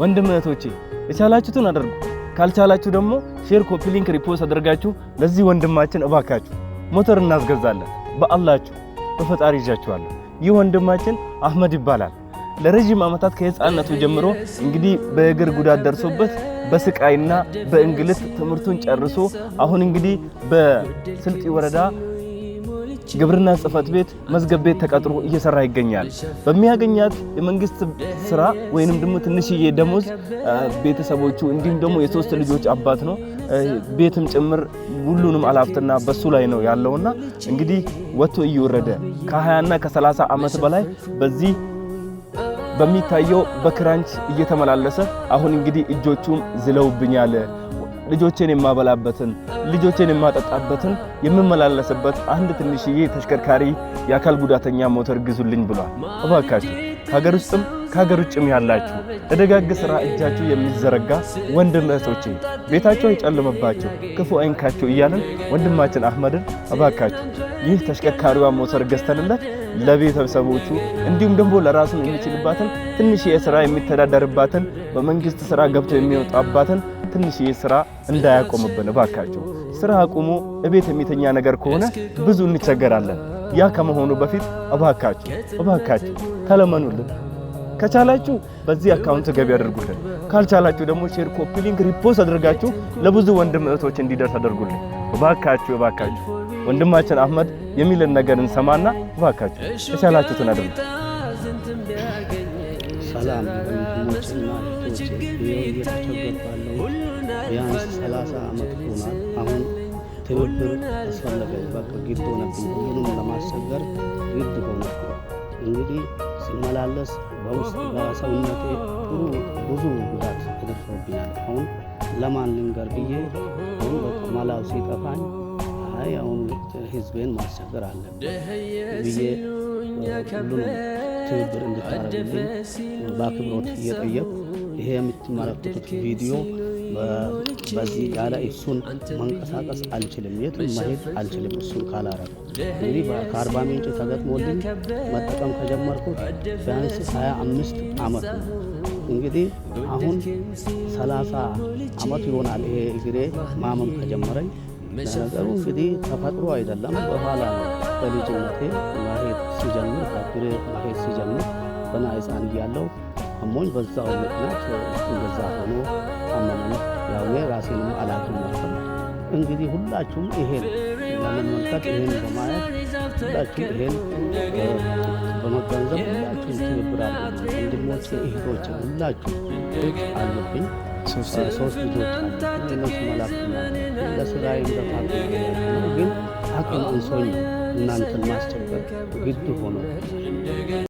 ወንድም እህቶቼ የቻላችሁትን አድርጉ። ካልቻላችሁ ደግሞ ሼር፣ ኮፒ ሊንክ፣ ሪፖስት አድርጋችሁ ለዚህ ወንድማችን እባካችሁ ሞተር እናስገዛለን። በአላችሁ በፈጣሪ ይዣችኋለሁ። ይህ ወንድማችን አህመድ ይባላል። ለረዥም ዓመታት ከህፃነቱ ጀምሮ እንግዲህ በእግር ጉዳት ደርሶበት በስቃይና በእንግልት ትምህርቱን ጨርሶ አሁን እንግዲህ በስልጢ ወረዳ ግብርና ጽህፈት ቤት መዝገብ ቤት ተቀጥሮ እየሰራ ይገኛል። በሚያገኛት የመንግስት ስራ ወይንም ደግሞ ትንሽዬ ደሞዝ ቤተሰቦቹ እንዲሁም ደግሞ የሶስት ልጆች አባት ነው። ቤትም ጭምር ሁሉንም አላፍትና በሱ ላይ ነው ያለውና እንግዲህ ወጥቶ እየወረደ ከ20ና ከ30 ዓመት በላይ በዚህ በሚታየው በክራንች እየተመላለሰ አሁን እንግዲህ እጆቹም ዝለውብኛል ልጆቼን የማበላበትን ልጆቼን የማጠጣበትን የምመላለስበት አንድ ትንሽዬ ተሽከርካሪ የአካል ጉዳተኛ ሞተር ግዙልኝ ብሏል። እባካችሁ ከሀገር ውስጥም ከሀገር ውጭም ያላችሁ ለደጋግ ሥራ እጃችሁ የሚዘረጋ ወንድም እህቶቼ ቤታቸው አይጨልምባቸው፣ ክፉ አይንካቸው እያለን ወንድማችን አህመድን እባካችሁ ይህ ተሽከርካሪዋ ሞተር ገዝተንለት ለቤተሰቦቹ እንዲሁም ደግሞ ለራሱ የሚችልባትን ትንሽ የሥራ የሚተዳደርባትን በመንግሥት ሥራ ገብቶ የሚወጣባትን ትንሽዬ ስራ እንዳያቆምብን እባካችሁ። ስራ አቁሙ። እቤት የሚተኛ ነገር ከሆነ ብዙ እንቸገራለን። ያ ከመሆኑ በፊት እባካችሁ እባካችሁ ተለመኑልን። ከቻላችሁ በዚህ አካውንት ገቢ አድርጉልን። ካልቻላችሁ ደግሞ ሼር፣ ኮፒ ሊንክ፣ ሪፖስት አድርጋችሁ ለብዙ ወንድም እህቶች እንዲደርስ አድርጉልን። እባካችሁ እባካችሁ ወንድማችን አህመድ የሚልን ነገር እንሰማና እባካችሁ የቻላችሁትን አድርጉ። ሰላም ወንድሞችና እህቶቼ እየተቸገርኳለሁ። ቢያንስ ሰላሳ ዓመት ሆኗል። አሁን ትብብር አስፈለገኝ። በቃ ግድ ሆነብኝ። ሁሉንም ለማስቸገር ግድ ሆነብኝ። እንግዲህ ስመላለስ በውስጥ በሰውነቴ ጥሩ ብዙ ጉዳት ተደርሶብኛል። አሁን ለማን ልንገር ብዬ አሁን መላው ሲጠፋኝ አይ አሁን ህዝቤን ማስቸገር አለ ብዬ ትብብር እንድታረግልኝ በአክብሮት እየጠየቁ ይሄ የምትመለከቱት ቪዲዮ በዚህ ያለ እሱን መንቀሳቀስ አልችልም፣ የትም መሄድ አልችልም። እሱን ካላረኩ እንግዲህ ከአርባ ምንጭ ተገጥሞልኝ መጠቀም ከጀመርኩት ቢያንስ 25 ዓመት ነው። እንግዲህ አሁን 30 ዓመት ይሆናል ይሄ እግሬ ማመም ከጀመረኝ ነገሩ እንግዲህ ተፈጥሮ አይደለም፣ በኋላ ነው። በልጅነቴ መሄድ ሲጀምር ታግሬ መሄድ ሲጀምር ገና ሕፃን እያለሁ አሞኝ በዛው ምክንያት እንደዛ ሆኖ አመመኝ። ያው ራሴንም አላቅም ነበር። እንግዲህ ሁላችሁም ይሄን ለመመልከት ይሄን በማየት ሁላችሁም ይሄን በመገንዘብ ሁላችሁም ትብብራለ ወንድሞቼ፣ እህቶቼ ሁላችሁ አለብኝ ሶስት ልጆች እነሱ ግን አቅም እናንተን ማስቸገር ግድ ሆኖ